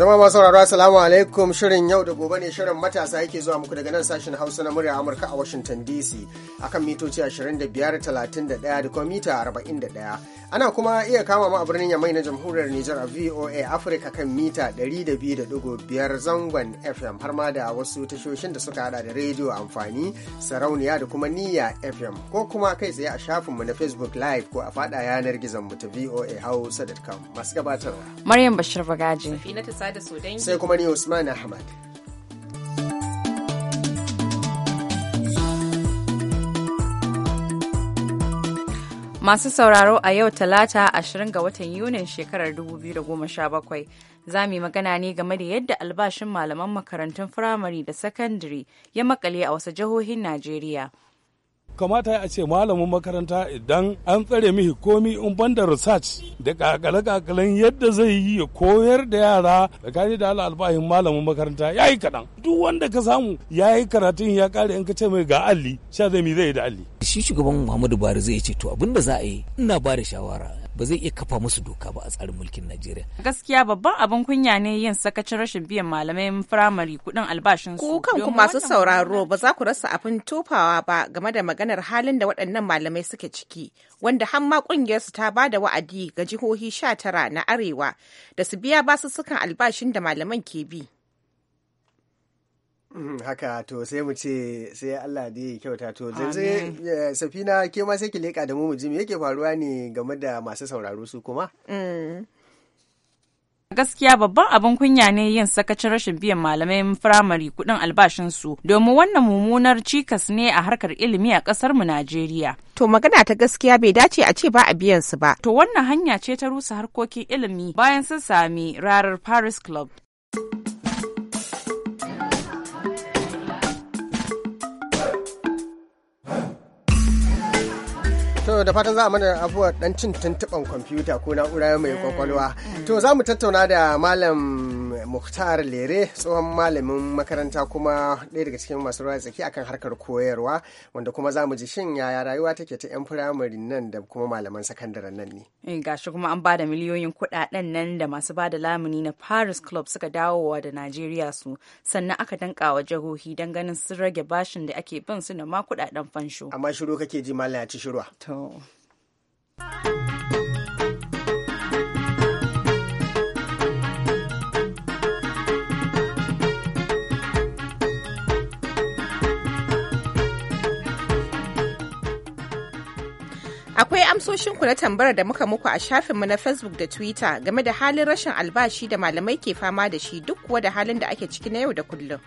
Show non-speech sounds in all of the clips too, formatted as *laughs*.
Jama'a masu sauraro Assalamu alaikum shirin yau da gobe ne shirin matasa yake zuwa muku daga nan sashen Hausa na murya Amurka a Washington DC akan mitoci 25 31 da kuma mita 41. Ana kuma iya kama mu a birnin Yamai na Jamhuriyar Nijar a VOA Africa kan mita 200.5 zangon FM har ma da wasu tashoshin da suka hada da rediyo amfani sarauniya da kuma niyya FM ko kuma kai tsaye a mu na Facebook Live ko a fada yanar gizon mu ta VOA Hausa.com masu gabatarwa. Maryam Bashir Bagaji. Sa'ada Sodangi. Sai kuma ni Usman Ahmad. Masu sauraro a yau talata 20 ga watan Yunin shekarar 2017 za mu yi magana ne game da yadda albashin malaman makarantun firamare da sakandare ya makale a wasu jihohin Najeriya. kamata a ce malamin makaranta idan an tsare mihi komi in banda research da kakale-kakalen yadda zai yi ya koyar da yara tsakani da ala albahin malamin makaranta ya yi kaɗan duk wanda ka samu ya yi karatun ya kare in ka ce mai ga alli sha zai mi zai da alli shi shugaban muhammadu buhari zai ce to abin da za a yi ina ba da shawara ba zai iya kafa musu doka ba a tsarin mulkin Najeriya. Gaskiya babban abin kunya ne yin sakacin rashin biyan malamai firamare kuɗin albashin su. Ku kanku masu sauraro ba za ku rasa abin tofawa ba game da maganar halin da waɗannan malamai suke ciki wanda har ma ƙungiyarsu ta ba da wa'adi ga jihohi sha tara na arewa da su biya basussukan albashin da malaman ke bi. Mm, haka to sai mu ce sai Allah da ya kyauta to zanzu safina ke ma sai ki leka da mu mu ji me yake faruwa ne game da masu sauraro su kuma mm. gaskiya babban abin kunya ne yin sakacin rashin biyan malamai firamare kudin albashinsu domin wannan mummunar cikas ne a harkar ilimi a kasar mu Najeriya. To magana ta gaskiya bai dace a ce ba a biyan su ba. To wannan hanya ce ta rusa harkokin ilimi bayan sun sami rarar Paris Club. To da fatan za a mana abuwa dan cin tuntuɓan kwamfuta ko na'ura mai kwakwalwa. To za mu tattauna da Malam muhtar Lere tsohon malamin makaranta kuma ɗaya daga cikin masu ruwa tsaki akan harkar koyarwa wanda kuma za mu ji shin yaya rayuwa take ta 'yan firamare nan da kuma malaman sakandaren nan ne. Eh, gashi kuma an ba da miliyoyin kuɗaɗen nan da masu bada lamuni na Paris Club suka dawowa da Najeriya su sannan aka danka wa jihohi don ganin sun rage bashin da ake bin su da ma kuɗaɗen fansho. Amma shiru kake ji malam ya ci shiruwa. Akwai amsoshinku na tambara da muka muku a shafinmu na Facebook da Twitter game da halin rashin albashi da malamai ke fama da shi duk kuwa da halin da ake ciki na yau da kullum.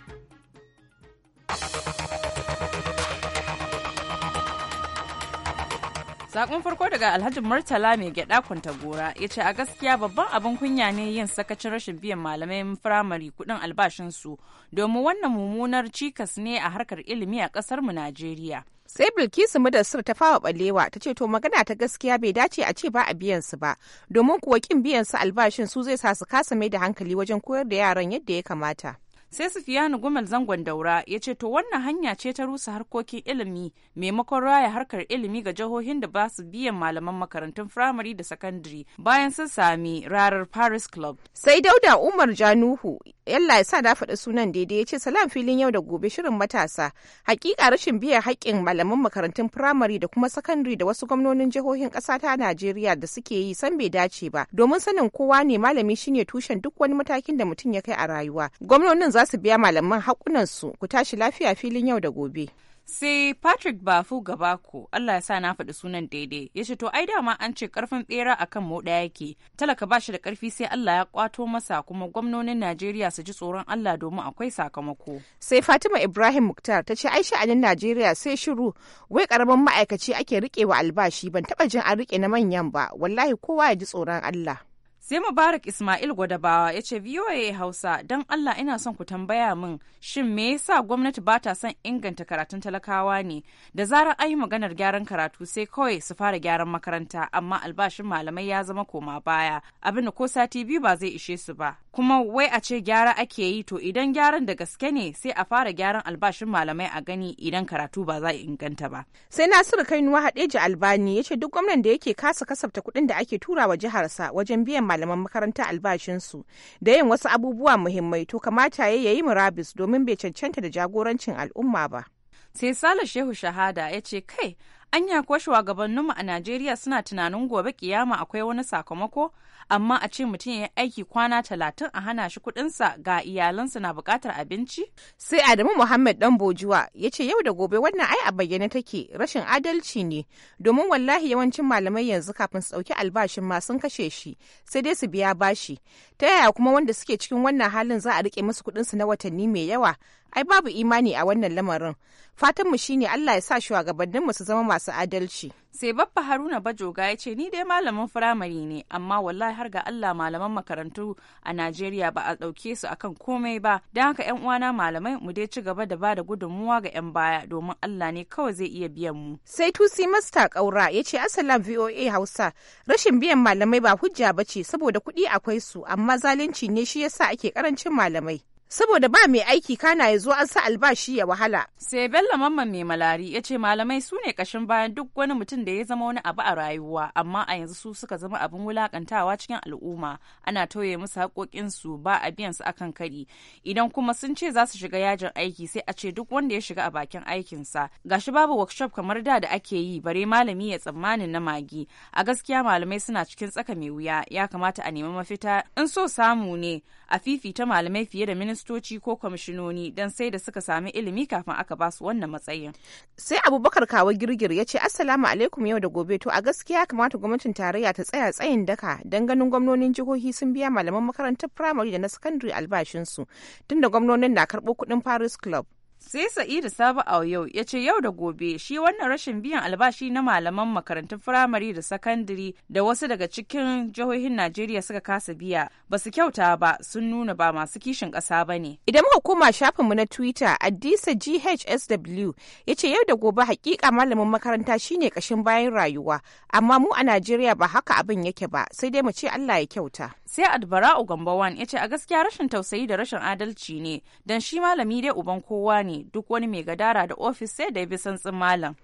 Sakon farko daga Alhaji Murtala mai gyada gora ya ce a gaskiya babban abin kunya ne yin sakacin rashin biyan malamai firamare kudin albashinsu domin wannan mummunar cikas ne a harkar ilimi a kasar mu Najeriya. sai bilkisu mudassir ta fawa balewa ta ce to magana ta gaskiya bai dace a ce ba a biyan su ba domin kuwa kin biyan su albashin su zai sa su kasa mai da hankali wajen koyar da yaran yadda ya kamata sai sufiyanu gumal zangon daura ya ce to wannan hanya ce ta rusa harkokin ilimi maimakon raya harkar ilimi ga jihohin da ba su biyan malaman makarantun firamare da sakandare bayan sun sami rarar paris club sai dauda umar januhu yalla ya sa da faɗi sunan daidai ya ce salam filin yau da gobe shirin matasa hakika rashin biyan haƙƙin malaman makarantun firamare da kuma sakandare da wasu gwamnonin jihohin ƙasa ta najeriya da suke yi san bai dace ba domin sanin kowa ne malami shine tushen duk wani matakin da mutum ya kai a rayuwa gwamnonin za za su biya malaman haƙunansu ku tashi lafiya filin yau da gobe. sai patrick bafu gabako allah ya sa na faɗi sunan daidai ya ce to ai dama an ce karfin tsera kan moɗa yake talaka ba shi da ƙarfi sai allah ya ƙwato masa kuma gwamnonin najeriya su ji tsoron allah domin akwai sakamako sai fatima ibrahim muktar ta ce ai sha'anin najeriya sai shiru wai ƙaramin ma'aikaci ake rike wa albashi ban taɓa jin an riƙe na manyan ba wallahi kowa ya ji tsoron allah Sai Mubarak Ismail Gwadabawa ya ce VOA Hausa don Allah ina son ku tambaya min shin me yasa gwamnati ba ta son inganta karatun talakawa ne da zarar an yi maganar gyaran karatu sai kawai su fara gyaran makaranta amma albashin malamai ya zama koma baya abinda ko sati biyu ba zai ishe su ba kuma wai a ce gyara ake yi to idan gyaran da gaske ne sai a fara gyaran albashin malamai a gani idan karatu ba za inganta ba. Sai Nasiru Kainuwa Hadeji Albani ya ce duk gwamnan da yake kasa kasafta kuɗin da ake tura wa jiharsa wajen biyan malaman makaranta albashinsu da yin wasu abubuwa muhimmai to kamata ya yi murabis domin bai cancanta da jagorancin al'umma ba. Sai Sale Shehu Shahada ya ce kai anya kuwa shugabanninmu a Najeriya suna tunanin gobe kiyama akwai wani sakamako amma a ce mutum ya aiki kwana talatin a hana shi kuɗinsa ga iyalansa na buƙatar abinci? Sai Adamu Muhammad dan Bojuwa ya ce yau da gobe wannan ai a bayyane take rashin adalci ne domin wallahi yawancin malamai yanzu kafin su ɗauki albashin ma sun kashe shi sai dai su biya bashi. Ta yaya kuma wanda suke cikin wannan halin za a riƙe musu kuɗinsu na watanni mai yawa ai babu imani a wannan lamarin fatanmu shine Allah ya sa shugabanninmu su zama masu adalci sai babba haruna bajoga ya ce ni dai malamin firamare ne amma wallahi har ga Allah malaman makarantu a Najeriya ba a ɗauke su akan komai ba don haka yan uwana malamai mu dai ci gaba da bada gudunmuwa ga yan baya domin Allah ne kawai zai iya biyan mu sai tusi master kaura ya ce asalam VOA Hausa rashin biyan malamai ba hujja bace saboda kuɗi akwai su amma zalunci ne shi yasa ake karancin malamai saboda ba mai aiki kana ya zo an sa albashi ya wahala. Sai Bello Mamman mai malari ya ce malamai su ne kashin bayan duk wani mutum da ya zama wani abu a rayuwa amma a yanzu su suka zama abin wulakantawa cikin al'umma ana toye musu haƙoƙinsu ba a biyan su akan kari idan kuma sun ce za su shiga yajin aiki sai a ce duk wanda ya shiga a bakin aikinsa gashi babu workshop kamar da da ake yi bare malami ya tsammanin na magi a gaskiya malamai suna cikin tsaka mai wuya ya kamata a nemi mafita in so samu ne a fifita malamai fiye da minista ministoci ko kwamishinoni don sai da suka sami ilimi kafin aka ba su wannan matsayin. Sai Abubakar Kawo Girgir ya ce Assalamu alaikum yau da gobe to a gaskiya kamata gwamnatin tarayya ta tsaya tsayin daka don ganin gwamnonin jihohi sun biya malaman makarantar firamare da na sakandare albashinsu tunda gwamnonin na karɓo kuɗin Paris Club. sai sa'idu sabu yau ya ce yau da gobe shi wannan rashin biyan albashi na malaman makarantun firamare da sakandare da wasu daga cikin jihohin najeriya suka kasa biya ba su kyauta ba sun nuna ba masu kishin ƙasa ba ne idan hukuma shafinmu na twitter addisa ghsw ya ce yau da gobe hakika malamin makaranta shine kashin bayan rayuwa amma mu a najeriya ba haka abin yake ba sai dai mu ce allah ya kyauta sai adbara ugambawan ya ce a gaskiya rashin tausayi da rashin adalci ne don shi malami dai uban kowa ne ne duk wani mai gadara da ofis sai da bi santsin malam.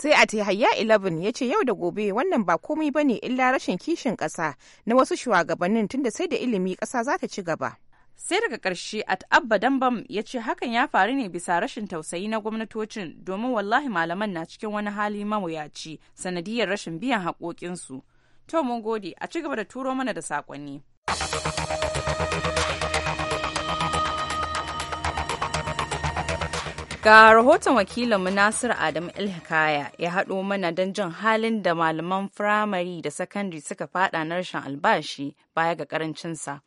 Sai a Tehayya 11 ya ce yau da gobe wannan ba komai ba ne illa rashin kishin ƙasa na wasu shugabannin tunda sai da ilimi ƙasa za ta ci gaba. sai daga ƙarshe at abba dambam ya ce hakan ya faru ne bisa rashin tausayi na gwamnatocin domin wallahi malaman na cikin wani hali mawuyaci sanadiyar rashin biyan haƙoƙinsu to mun gode a ci gaba da turo mana da saƙonni. Ga rahoton wakilinmu Nasiru Adamu Ilhikaya ya haɗo mana don jin halin da malaman firamare da sakandare suka faɗa na rashin albashi baya ga ƙarancinsa.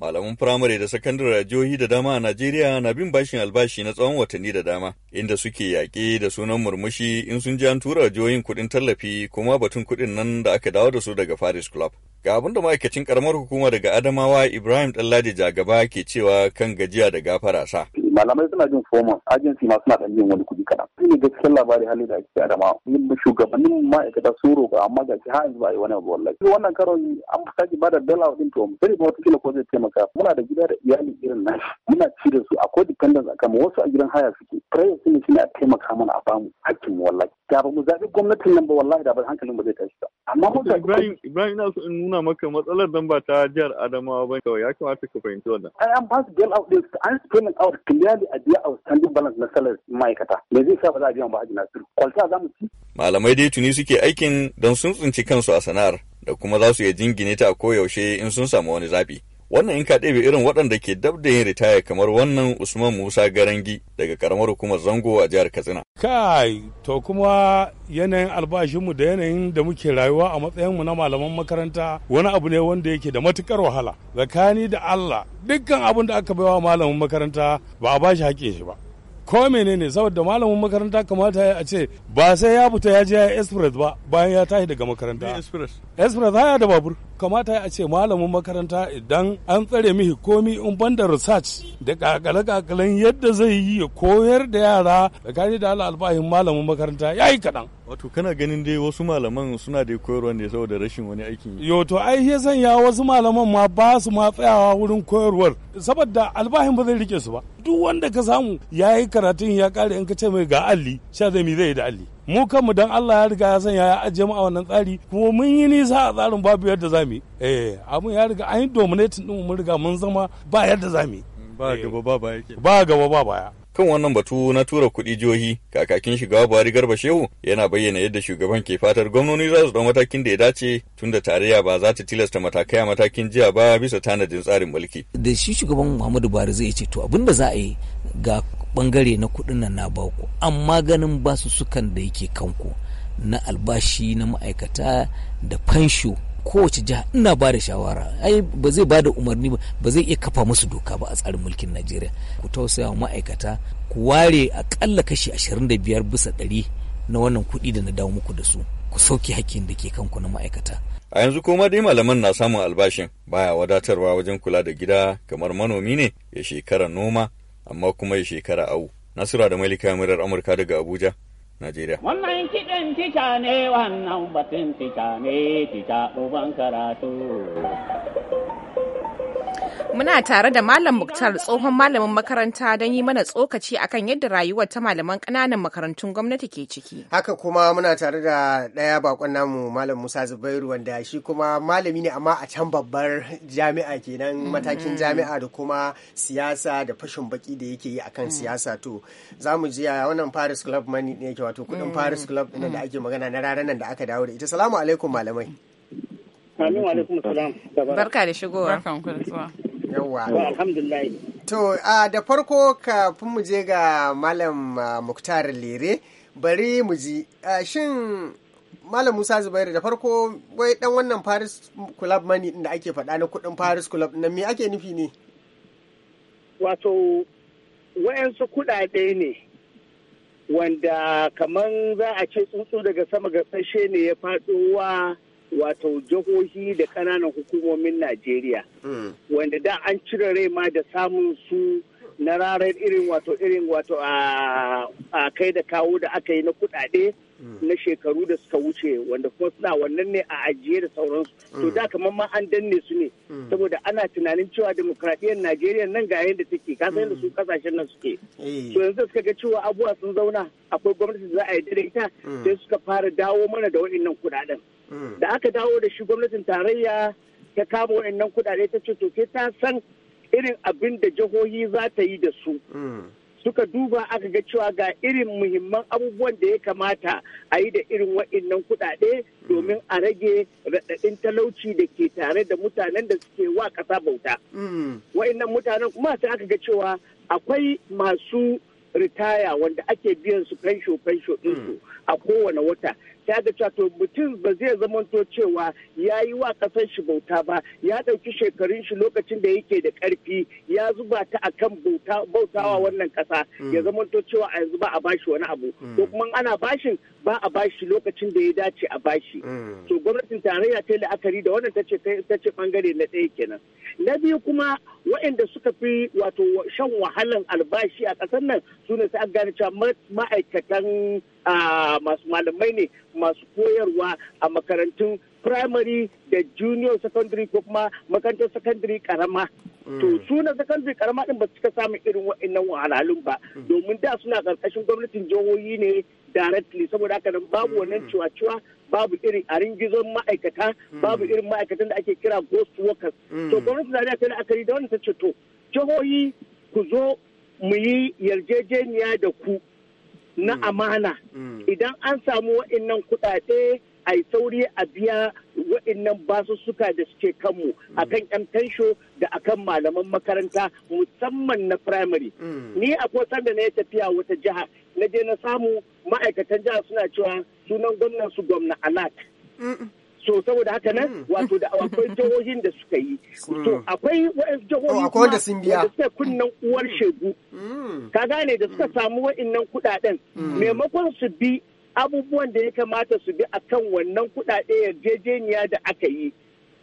Malaman firamare da sakandare a jihohi da dama a Najeriya na bin bashin albashi na tsawon watanni da dama, inda suke yaƙe da sunan murmushi in sun ji an tura jihohin kuɗin tallafi kuma batun kuɗin nan da aka dawo da su daga Paris Club. Ga abin da ma'aikacin ƙaramar hukuma daga Adamawa Ibrahim Ɗanladi Jagaba ke cewa kan gajiya da gafara sa. malamai suna jin foman agency ma suna dan jin wani kudi kana shi ne gaskiyar labari halin da ake adama shugabannin ma'aikata sun roƙa amma ga shi har ba a yi wani abu wallahi wannan karon an sake ba da dala din to mu ba wata ko zai taimaka muna da gida da iyali irin nan muna ci da su akwai dependence akan wasu a gidan haya suke prayer sun shi ne a taimaka mana a bamu hakkin mu wallahi da ba mu zaɓi gwamnatin nan ba wallahi da ba hankalin ba zai tashi ba amma mun Ibrahim Ibrahim ina so in nuna maka matsalar dan ba ta jihar Adamawa ba kawai ya kamata ka fahimci wannan ai an ba su bail out din an spin out clear iyali a biya outstanding balance na salar ma'aikata me zai sa ba za a biya ba hajji nasiru kwalta za mu ci. malamai dai tuni suke aikin don sun tsinci kansu a sana'ar da kuma za su iya jingine ta koyaushe in sun samu wani zaɓi. wannan in ka ɗebe irin waɗanda ke dab da yin ritaya kamar wannan usman musa garangi daga karamar hukumar zango a jihar katsina kai to kuma yanayin albashinmu da yanayin da muke rayuwa a matsayinmu na malaman makaranta wani abu ne wanda yake da matukar wahala tsakani da allah dukkan abin da aka baiwa malamin makaranta ba a bashi haƙƙin shi ba ko menene saboda malamin makaranta kamata ya ce ba sai ya fita ya je ya express ba bayan ya tashi daga makaranta express express haya da babur kamata ya ce malamin makaranta idan an tsare mihi komi in banda research da kakale-kakalen yadda zai yi ya koyar da yara da tsakani da albahin malamin makaranta ya yi kaɗan wato kana ganin dai wasu malaman suna da koyarwa ne saboda rashin wani aikin yi yo to ai ya sanya wasu malaman ma ba su ma tsayawa wurin koyarwar saboda albahin ba zai rike su ba duk wanda ka samu ya yi karatun ya kare in ka ce mai ga alli sha zai yi da alli mu kanmu dan Allah ya riga ya sanya ya ajiye mu a wannan tsari kuma mun yi nisa a tsarin babu yadda za eh abun ya riga an yi dominating din mun riga mun zama ba yadda za ba gaba ba baya ba gaba ba baya kan wannan batu na tura kuɗi jihohi kakakin shiga buhari garba shehu yana bayyana yadda shugaban ke fatar gwamnoni za su ɗau matakin da ya dace tun da tarayya ba za ta tilasta matakai a matakin jiya ba bisa tanadin tsarin mulki da shi shugaban muhammadu buhari zai ce to abin da za a yi ga bangare na kuɗin nan na baku amma ganin basu sukan da yake kanku na albashi na ma'aikata da fansho kowace jiha ina ba da shawara ai ba zai ba da umarni ba ba zai iya kafa musu doka ba a tsarin mulkin najeriya ku tausaya wa ma'aikata ku ware akalla kashi ashirin da biyar bisa ɗari na wannan kuɗi da na dawo muku da su ku sauke hakkin da ke kanku na ma'aikata a yanzu koma dai malaman na samun albashin baya wadatarwa wajen kula da gida kamar manomi ne ya shekara noma amma kuma ya shekara awu nasura da malika murar amurka daga abuja Najeriya. Wannan kiɗin tica ne wannan batun tica ne tica ɗuban karatu. Muna tare da Malam Muktar tsohon malamin makaranta don yi mana tsokaci akan yadda rayuwar ta malaman ƙananan makarantun gwamnati ke ciki. Haka kuma muna tare da ɗaya bakon namu Malam Musa Zubairu wanda shi kuma malami ne amma a can babbar jami'a kenan mm-hmm. matakin jami'a da kuma siyasa da fashin baki da yake yi akan mm-hmm. siyasa to za mu ji wannan Paris Club mani ne yake wato kuɗin Paris mm-hmm. Club da ake magana na ranar da aka dawo da ita. Salamu alaikum malamai. Amin wa alaikum salam. Barka da shigowa. barka Yawwa. To, da farko kafin mu je ga Malam Muktar Lere, bari mu ji. Shin Malam Musa Zubairu da farko wai dan wannan Paris Club Money da ake faɗa na kuɗin Paris Club na me ake nufi ne? Wato, wayansu kuɗaɗe ne wanda kamar za a ce tsuntsu daga sama ga sashe ne ya faɗo wa wato jihohi da kananan hukumomin najeriya mm. wanda da an cire rai ma da samun su na rarar irin wato irin wato a kai da kawo da aka yi na kudade mm. na shekaru da suka wuce wanda kuma suna wannan ne a ajiye da sauransu to mm. da kamar ma an danne su ne saboda ana tunanin cewa demokradiyyar najeriya nan ga yadda take ka san da su kasashen nan suke eh. to yanzu suka ga cewa abubuwa sun zauna akwai gwamnati da za a yi da ita sai suka fara dawo mana da waɗannan kudaden Mm. da aka dawo da shi gwamnatin tarayya ta kama waɗannan kuɗaɗe ta ce to ta san irin abin da jihohi za ta yi da su mm. suka duba aka ga cewa ga irin muhimman abubuwan da ya kamata a yi da irin waɗannan kuɗaɗe mm. domin a rage raɗaɗin talauci da ke tare da mutanen da suke wa ƙasa bauta. Waɗannan mutanen kuma sai aka ga cewa akwai masu ritaya wanda ake biyan su fensho fensho ɗinsu a kowane wata ta da cewa mutum ba zai zamanto cewa ya yi wa ƙasar shi bauta ba ya ɗauki shekarun shi lokacin da yake da ƙarfi ya zuba ta kan bautawa mm. wannan ƙasa mm. ya zamanto cewa a yanzu ba a bashi wani abu mm. ko kuma ana bashin ba a bashi lokacin da ya dace a bashi to gwamnatin tarayya ta la'akari da wannan ta ce bangare na ɗaya kenan na biyu kuma waɗanda suka fi wato shan wahalan albashi a ƙasar nan su ne sai an gane cewa ma'aikatan masu malamai ne masu koyarwa a makarantun primary da junior secondary ko kuma makarantar secondary karama to mm. su na secondary karama din ba su cika samun irin wa'annan wahalhalun ba mm. domin da suna karkashin gwamnatin jihohi ne directly saboda haka nan babu mm. wannan ciwa-ciwa babu irin a ringizon ma'aikata babu irin ma'aikatan da ake kira ghost workers to gwamnati na ta la'akari da wannan ta ce to jihohi ku zo mu yi yarjejeniya da ku na mm. amana mm. idan an samu wa'innan kuɗaɗe a yi sauri a biya wa'innan basussuka da suke kanmu mm. akan yan tansho da akan malaman makaranta musamman na firamare. ni a akwai da na yi tafiya wata jiha na je na samu ma'aikatan jiha suna cewa sunan gwamnan su gwamna alat to saboda haka nan hmm. wato da akwai jihohin da suka yi to hmm. akwai jihohi jihohin kuma suka kunnan uwar shegu hmm. ka gane da suka samu wa'annan kudaden maimakon su bi abubuwan da ya kamata su bi akan wannan kudade yarjejeniya da aka yi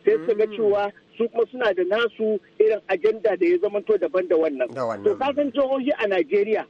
sai su ga cewa su kuma suna da nasu irin ajanda da ya zamanto daban da wannan to kasan jihohi a Najeriya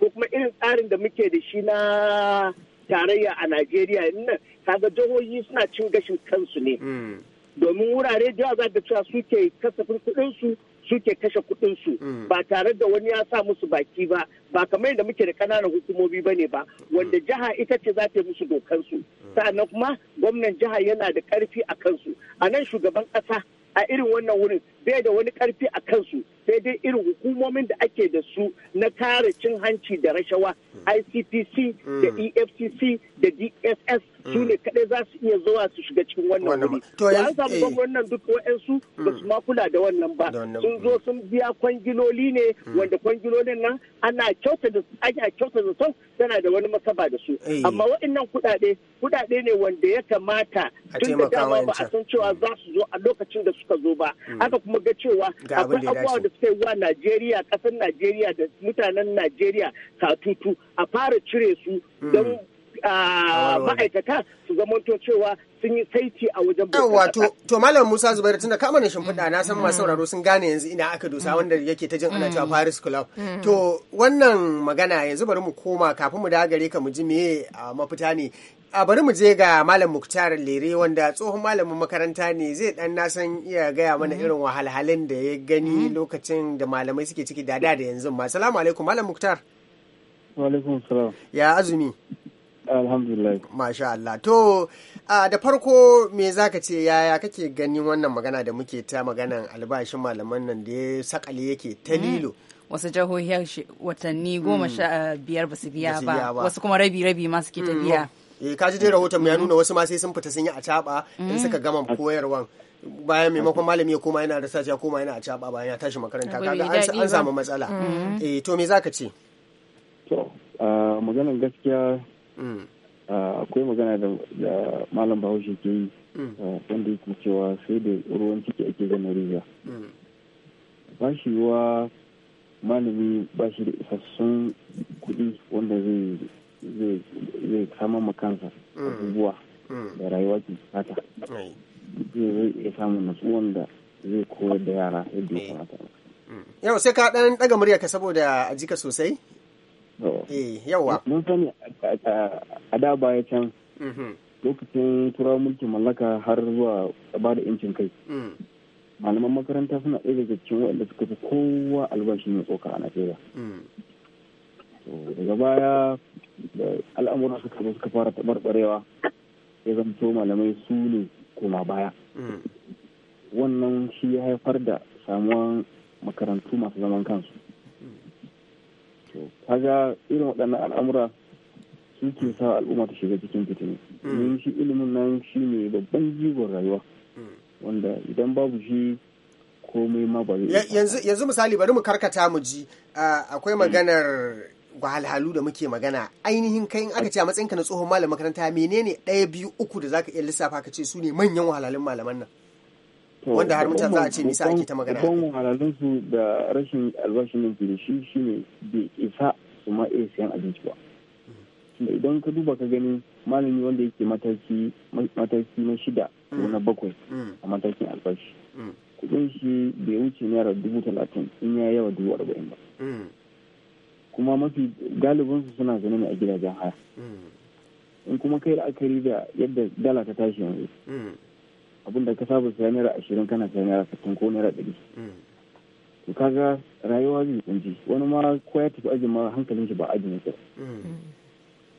ko kuma irin tsarin da muke da shi na tarayya a Najeriya nan kaga jihohi suna cin gashin kansu ne. Hmm. Domin wurare da za da cewa suke kasafin kuɗinsu suke kashe su hmm. ba tare da wani ya sa musu baki ba ba kamar yadda muke da ƙananan hukumomi ba ne ba wanda jiha ita ce za ta musu dokansu hmm. sa'annan kuma gwamnan jiha yana da ƙarfi a kansu a nan shugaban ƙasa a irin wannan wurin bai da wani karfi a kansu sai dai irin hukumomin da ake da su na kare cin hanci da rashawa hmm. icpc hmm. da efcc da dss hmm. su ne kadai za su iya zuwa su shiga cikin wannan wuri to an samu eh. gwamnan duk wa'ansu ba su makula da wannan ba sun zo sun biya kwangiloli ne wanda kwangilolin nan ana kyauta da ana kyauta da sau tana da wani masaba da su eh. amma wa'annan kuɗaɗe kuɗaɗe ne wanda ya kamata tun da dama ba a san cewa za su zo a lokacin da suka zo ba hmm. aka kuma ga cewa akwai abubuwa da suka yi wa najeriya kasar najeriya da mutanen najeriya katutu a fara cire su hmm. don ah, ma'aikata su zamanto cewa sun yi saiti a wajen yawa to to malam Musa Zubair tunda kama na shimfiɗa na san hmm. masu sauraro sun gane yanzu ina aka dosa wanda yake ta jin ana cewa Paris Club to wannan magana yanzu bari mu koma kafin mu dawo gare ka mu ji meye ah, mafita ne a bari mu je ga malam muktar lere wanda tsohon malamin makaranta ne zai dan na iya gaya mana mhm. irin wahalhalun da ya gani mhm. lokacin da malamai suke ciki da da yanzu ma salamu alaikum malam muktar ya azumi alhamdulillah masha Allah to da farko me zaka ce yaya kake ganin wannan magana da muke ta maganan albashin malaman nan da ya sakale yake ta mhm. lilo wasu jihohi watanni mm. goma sha biyar ba su biya ba wasu kuma rabi rabi ma suke mm. ta biya eh kaji dai rahoton ya nuna wasu ma sai sun fita sun yi a caba in mm. suka gama koyarwan bayan maimakon malami ya koma yana da sace koma yana a caba bayan ya tashi makaranta kaga an samu matsala mm. eh to me zaka ce to maganar gaskiya mm. akwai magana da malam bahaushe ke yi wanda yake cewa sai da ruwan ciki ake gama riga ba shi wa malami ba shi da isassun kuɗi wanda zai zai kama ma kansa abubuwa da rayuwa ke fata mm. zai samun nasuwan da zai koyar da yara yadda ya kamata mm. yau sai ka ɗan daga murya ka saboda a jika sosai eh, yauwa mun sani a da baya can mm-hmm. lokacin turawa mulkin mallaka har zuwa ba da incin kai mm. malaman makaranta suna ɗaya daga cikin waɗanda suka fi kowa albashi mai tsoka a najeriya daga baya da al'amura suka zo suka fara taɓarɓarewa ya zamto malamai su ne koma baya mm. wannan shi ya haifar da samuwan makarantu masu zaman kansu kaga irin waɗannan al'amura su ke sa al'umma ta shiga cikin fitini yin mm. shi ilimin nan shi ne babban jigon rayuwa mm. wanda idan babu shi komai ma ba yanzu misali bari mu karkata mu ji ah, akwai maganar wahalhalu da muke magana ainihin kai in aka ce a matsayinka na tsohon malam makaranta menene ɗaya biyu uku da zaka iya lissafa ka ce su ne manyan wahalhalun malaman nan wanda har mutum za a ce nisa ake ta magana babban wahalhalun su da rashin albashin nan da shi shine bai isa su ma iya siyan abinci ba mm-hmm. idan ka duba ka gani malami wanda yake mataki mataki na shida ko na bakwai mm-hmm. a matakin albashi mm-hmm. kudin shi bai wuce naira dubu talatin in ya yawa dubu arba'in ba kuma mafi galibinsu suna zaune a gidajen haya in kuma kai la'akari da yadda dala ta tashi yanzu abin da ka saba sai naira ashirin kana sai naira sittin ko naira ɗari to kaga rayuwa zai tsinci wani ma ko ya tafi ajin ma hankalin shi ba ajin yake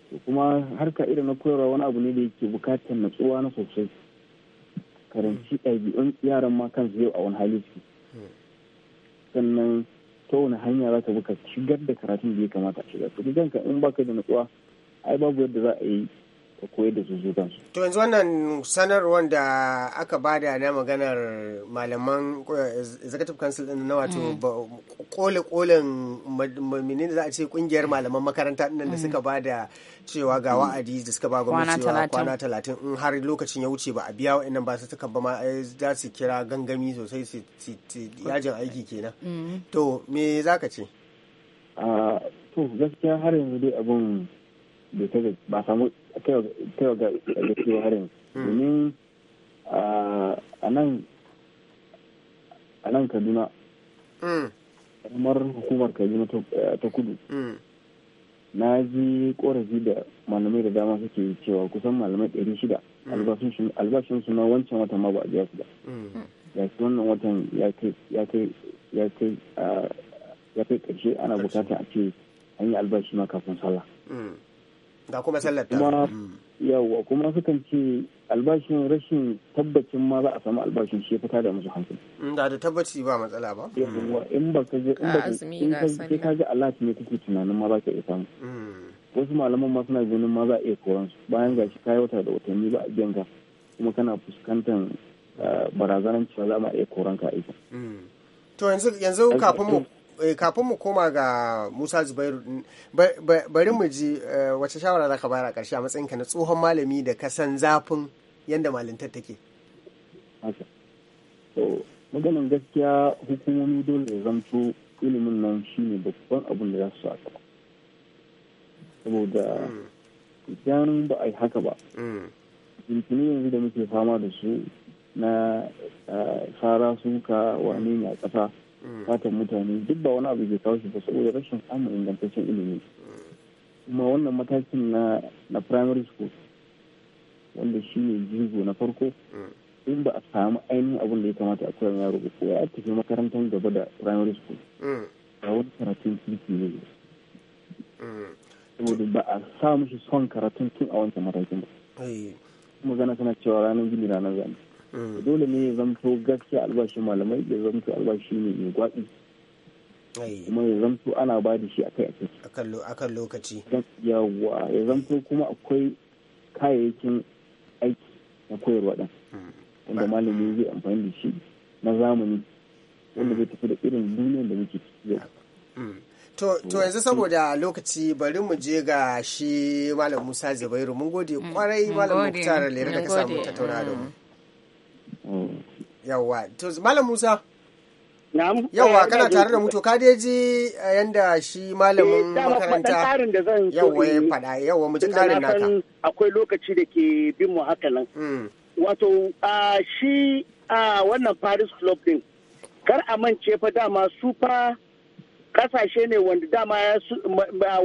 to kuma harka irin na koyarwa wani abu ne da yake bukatar natsuwa na sosai karanci ɗabi'un yaran ma kansu yau a wani hali sannan ta wani hanya za ka buka shigar da karatun da ya kamata a shigar to kanka in baka da natsuwa ai babu yadda za a yi koyar da su To yanzu wannan sanarwar da aka bada na maganar malaman executive council din na wato mm. kole kolen menene za a ce kungiyar malaman makaranta din da mm. suka bada cewa ga wa'adi da suka ba gwamnati cewa kwana talatin in har lokacin ya wuce ba a biya wa'annan ba su suka ba ma eh, za su kira gangami sosai su yajin aiki kenan. Mm. To me za ka ce? Ah, to gaskiya har yanzu dai abun bai kai ba samu kaiwa ga gaske harin hmm. domin a nan kaduna hmm. kamar hukumar kaduna ta kudu hmm. na ji korafi da malamai da dama suke cewa kusan malamai ɗari shida albashinsu na wancan watan ma ba a biya su ba ya ce wannan watan ya kai ƙarshe ana bukata a ce an yi albashi ma kafin sallah ga kuma sallar ta mm. yawwa kuma sukan ce albashin rashin tabbacin ma za a samu albashin shi ya fita da musu hankali mm, da da tabbaci ba matsala ba yawwa in ba ka je in ba ka je ka ga Allah ne kake tunanin ma za ka iya samu mm. wasu malaman ma suna ganin ma za a iya koran su bayan gashi kai wata da watanni ba a biyan ka kuma kana fuskantar eh, barazanar cewa za a iya koran ka aiki to yanzu yanzu kafin mu Eh, kafin mu koma ga Musa Zubairu bari mu ji eh, wace shawara za ka bayar a ƙarshe a matsayinka na tsohon malami da ka san zafin yadda malintar take. maganin gaskiya hukumomi dole ya zamto ilimin nan shine babban abin da ya su saka saboda hmm. idan ba a yi haka ba hmm. jinkini yanzu da muke fama da su na eh, fara suka wane ne a ƙasa fatan mutane duk ba wani abu ke kawo shi ba saboda rashin samun ingantaccen ilimi kuma wannan matakin na na primary school wanda shi ne jigo na farko in ba a samu ainihin abin da ya kamata a koyar yaro ko ya tafi makarantar gaba da primary school mm. a wani karatun kirki ne mm. saboda ba a samu shi son karatun tun a wancan matakin ba gana tana cewa ranar gini ranar zane Mm. dole ne ya zamto gaskiya albashin malamai ya zamto albashi ne mai gwaɗi kuma ya zamto ana ba da shi akai akai akan lokaci yawa ya zamto kuma akwai kayayyakin aiki na koyarwa ɗin mm. wanda malami zai mm. amfani da shi na zamani wanda zai tafi da irin duniyar da muke ciki yau To yanzu saboda lokaci bari mu je ga shi Malam Musa Zubairu mun gode kwarai Malam Muktar Lera da ka samu tattauna da mu. Yawwa, to Malam Musa. Na'am. Yawwa kana tare da mutu ka dai ji eh, yanda shi malamin eh, makaranta. Yawwa ya faɗa, yawwa mu ji ƙarin naka. Akwai lokaci da ke bin mu haka nan. Mm. Wato shi wannan Paris Club din kar a mance fa dama su fa kasashe ne wanda dama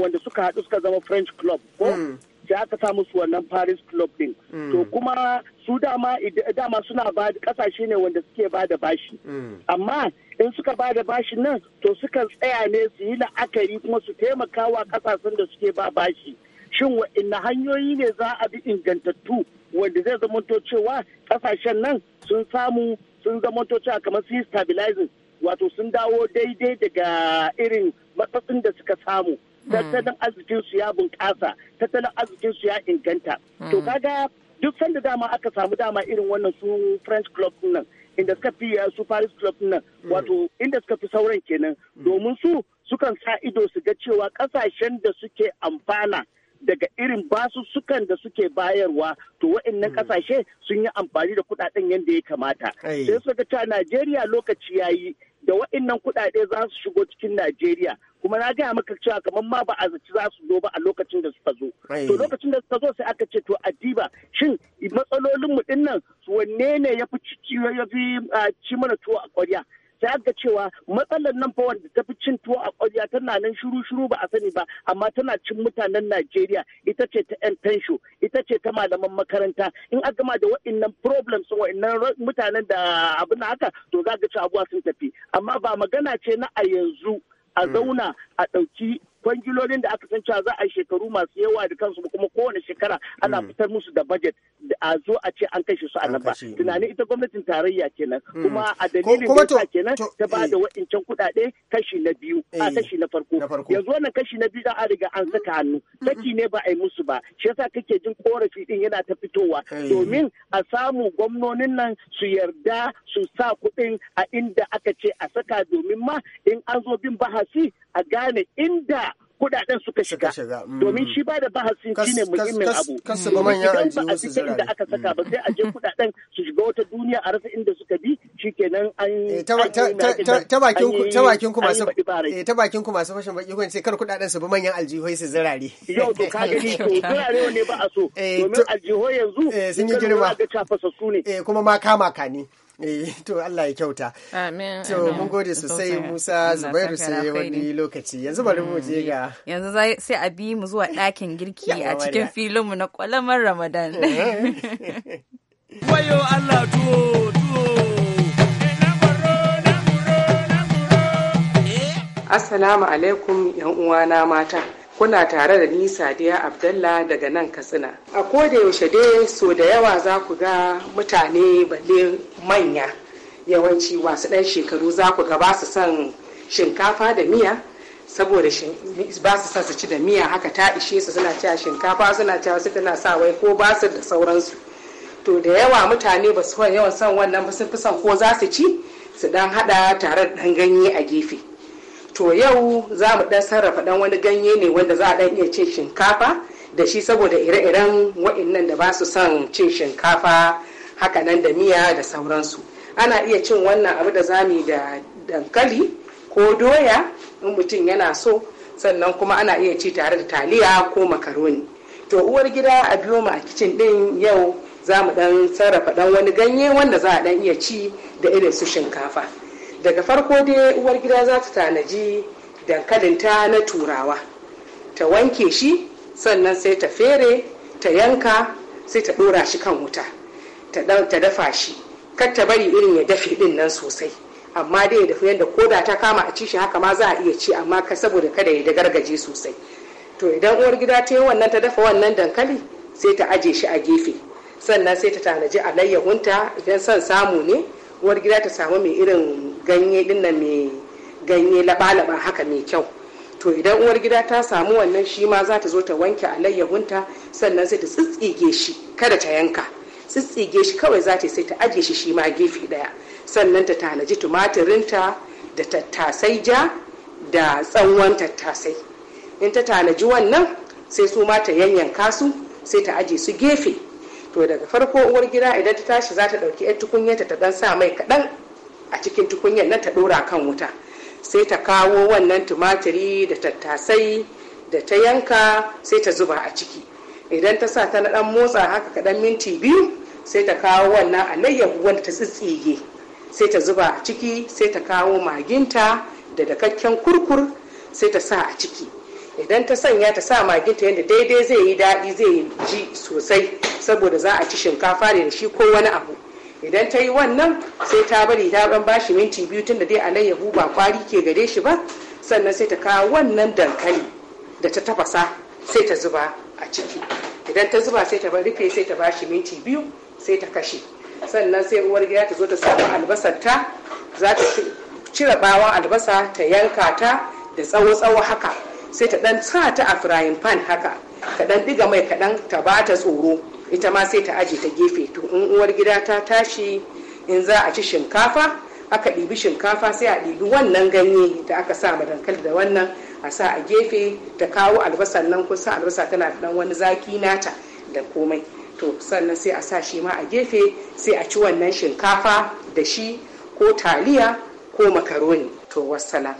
wanda suka haɗu suka zama French Club ko? Mm. sai aka sa musu wannan paris club din hmm. to kuma su dama dama suna ba kasashe ne wanda suke ba da bashi hmm. amma in suka ba da bashin nan to suka tsaya ne su yi la'akari kuma su taimaka wa kasashen da suke ba bashi shin wa'inna hanyoyi ne za a bi ingantattu wanda zai zama to cewa kasashen nan sun samu sun to cewa kamar su stabilizing wato sun dawo daidai daga irin matsatsin da suka samu tattalin arzikin su ya bunƙasa tattalin arzikin su ya inganta to hmm. kaga duk sanda dama aka samu dama irin wannan su french club nan inda suka fi eh, su paris club nan hmm. wato inda suka fi sauran kenan hmm. domin su sukan sa ido su ga cewa kasashen da suke amfana daga irin basussukan da suke bayarwa to wa'annan kasashe sun yi amfani da kudaden yadda ya kamata sai suka ga Najeriya lokaci yayi da waɗannan kuɗaɗe za su shigo cikin Najeriya kuma na gaya maka cewa kamar ma ba a zaci za su zo ba a lokacin da suka zo. To lokacin da suka zo sai aka ce to adiba shin matsalolin mu din nan wanne ne ya fi ci mana tuwo a ƙwarya. Sai aka cewa matsalar nan fa wanda ta fi cin tuwo a ƙwarya tana nan shiru shiru ba a sani ba amma tana cin mutanen Najeriya ita ce ta 'yan tensho ita ce ta malaman makaranta in aka gama da waɗannan problems waɗannan mutanen da abin haka to za ga ci abuwa sun tafi amma ba magana ce na a yanzu a mm. zauna a ɗauki kwangilolin da aka san cewa za a yi shekaru masu yawa da kansu kuma kowane shekara ana mm. fitar musu da budget a zo a ce an kashe su a nan ba mm. tunanin ita gwamnatin tarayya kenan mm. kuma a dalilin da kenan ta ba da eh. wa'incan kuɗaɗe kashi na biyu a eh. kashi na farko yanzu wannan kashi na biyu da an riga an saka hannu saki ne ba a yi musu ba shi yasa kake jin korafi din yana ta fitowa eh. domin a samu gwamnonin nan su yarda su sa kuɗin a inda aka ce bukata domin ma in an zo bin bahasi a gane inda kudaden suka shiga mm. domin shi ba da bahasi shine muhimmin abu idan ba a cikin inda aka saka ba mm. sai a je kudaden su shiga wata duniya a rasa inda suka bi shikenan an eh, ta bakin ku ta bakin ku masu eh, ta bakin ku masu fashin baki kun ce kar kudaden su bi manyan aljihoi su zirare yau to ka gani to *laughs* zirare ne ba a so eh, domin aljihoi yanzu sun yi girma ga tafasassu ne kuma ma kama kani Eh, to Allah ya kyauta. Amin. To mun gode sosai Musa Zubairu sai wani lokaci. Yanzu bari mu je mm. ga. Yanzu sai a bi mu zuwa ɗakin girki a cikin mu na kwalamar Ramadan. Eh. *laughs* Wayo Allah tuwo tuwo. Assalamu alaikum yan uwana mata. Kuna tare da ni Sadiya Abdalla daga nan Katsina. A koda yaushe dai so da yawa za ku ga mutane balle manya yawanci wasu ɗan shekaru za ku ga ba su son shinkafa da miya saboda ba su son su ci da miya haka ta ishe su suna cewa shinkafa suna cewa su tana sa wai ko ba su da sauransu to da yawa mutane ba su yawan son wannan ba sun fi son ko za su ci su dan hada tare da dan ganye a gefe to yau za mu dan sarrafa dan wani ganye ne wanda za a dan iya cin shinkafa da shi saboda ire-iren wa'annan da ba su son cin shinkafa haka nan da miya da sauransu ana iya cin wannan abu da zami da dankali ko doya in mutum yana so sannan kuma ana iya ci tare da taliya ko makaroni to uwar gida a biyo mu a kicin din yau za mu dan sarrafa dan wani ganye wanda za a dan iya ci da irin su shinkafa daga farko dai uwar gida za ta tanaji dankalinta na turawa ta wanke shi sannan sai ta fere ta yanka sai ta dora shi kan wuta ta dafa shi kar ta bari irin ya dafe din nan sosai amma dai ya dafa yadda koda ta kama a ci shi haka ma za a iya ci amma ka saboda kada ya dagargaje sosai to idan uwar gida ta yi wannan ta dafa wannan dankali sai ta aje shi a gefe sannan sai ta tanaji alayyahunta idan son samu ne uwar gida ta samu mai irin ganye din nan mai ganye laba haka mai kyau to idan uwar gida ta samu wannan shi ma za ta zo ta wanke alayyahunta sannan sai ta tsitsige shi kada ta yanka tsitsige shi kawai za ta sai ta ajiye shi shi ma gefe daya sannan ta tanaji tumatirinta da tattasai ja da tsawon tattasai in ta tanaji wannan sai su ma ta yanyanka su sai ta aje su gefe to daga farko uwar gida idan ta tashi za ta ɗauki 'yan tukunyarta ta ɗan sa mai kaɗan a cikin tukunyar nan ta ɗora kan wuta sai ta kawo wannan tumatiri da tattasai da ta yanka sai ta zuba a ciki idan ta sa ta na ɗan motsa haka kaɗan minti biyu sai ta kawo wannan alayyahu wanda ta tsitsige sai ta zuba a ciki sai ta kawo maginta da dakakken kurkur sai ta sa a ciki idan ta sanya ta sa maginta yadda daidai zai yi daɗi zai yi ji sosai saboda za a ci shinkafa da shi ko wani abu idan ta yi wannan sai ta bari ta ban bashi minti biyu tun da dai alayyahu ba kwari ke gare shi ba sannan sai ta kawo wannan dankali da ta tafasa sai ta zuba a ciki idan ta zuba sai ta rufe sai ta bashi minti biyu sai ta kashe sannan sai uwar gida ta zo ta samu albasar ta za ta cire bawon albasa ta yanka ta da tsawo-tsawo haka sai ta dan sa ta a frying pan haka ta dan diga mai kaɗan ta ba ta tsoro ita ma sai ta aje ta gefe to in uwar gida ta tashi in za a ci shinkafa aka ɗibi shinkafa sai a ɗibi wannan ganye da aka sa ma dankali da wannan a sa a gefe ta kawo albasar nan kusa albasa tana da wani zaki nata da komai to sannan sai a sa shi ma a gefe sai a ci wannan shinkafa da shi ko taliya ko makaroni to wassala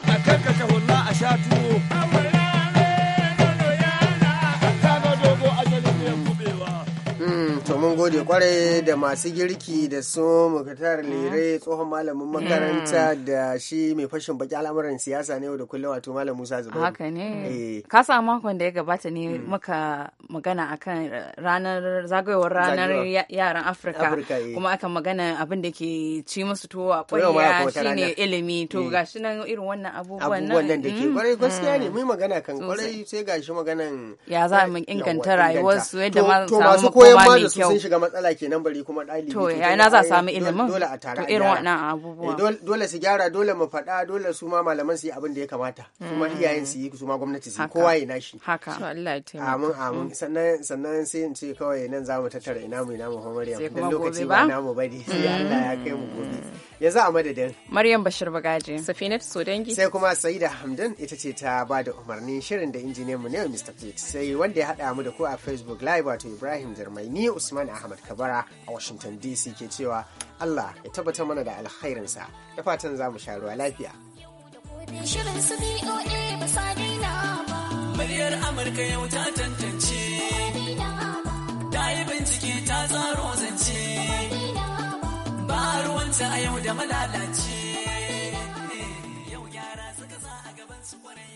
mun gode kwarai da masu girki da su mukatar lere tsohon malamin makaranta mm. da shi mai fashin baki al'amuran siyasa ne da kullum wato malam Musa Zubairu. Haka ne. Eh. Ka sa makon da ya gabata ne mm. muka magana akan ranar zagayowar ranar yaran Afirka. Eh. Kuma akan magana abin da ke ci musu tuwo a kwaya shine ilimi to eh. gashi nan irin wannan abubuwan nan. Abubuwan da ke mm. kwarai gaskiya ne mu magana kan kwarai sai gashi maganan. Ya za mu inganta rayuwarsu yadda ma samu kowa mai kyau. sun shiga matsala kenan bari kuma dali to ya na za eh, samu ilimin dole a tare irin wannan abubuwa eh, dole su gyara dole mu faɗa dole su ma malaman su yi abin da ya kamata kuma mm. iyayen su yi su ma gwamnati su yi kowa ya nashi haka Allah ya taimaka amin amin sannan sannan sai in ce kawai nan za mu tattara ina mu ina mu Maryam dan lokaci ba na mu bari mm. sai Allah ya kai mu gobe yanzu a madadin Maryam Bashir Bagaje Safinat Sodangi sai kuma Saida Hamdan ita ce ta ba da umarnin shirin da injiniyan mu ne Mr. Pete sai wanda ya hada mu da ku a Facebook live wato Ibrahim Jarmai ni Usman Usman Ahmad Kabara a Washington DC ke cewa Allah ya tabbatar mana da alkhairinsa da fatan za mu sha ruwa lafiya. Muryar Amurka yau ta tantance, ta yi bincike ta tsaro zance, ba ruwanta a yau da malalace. Yau gyara suka za a gaban su kwarai.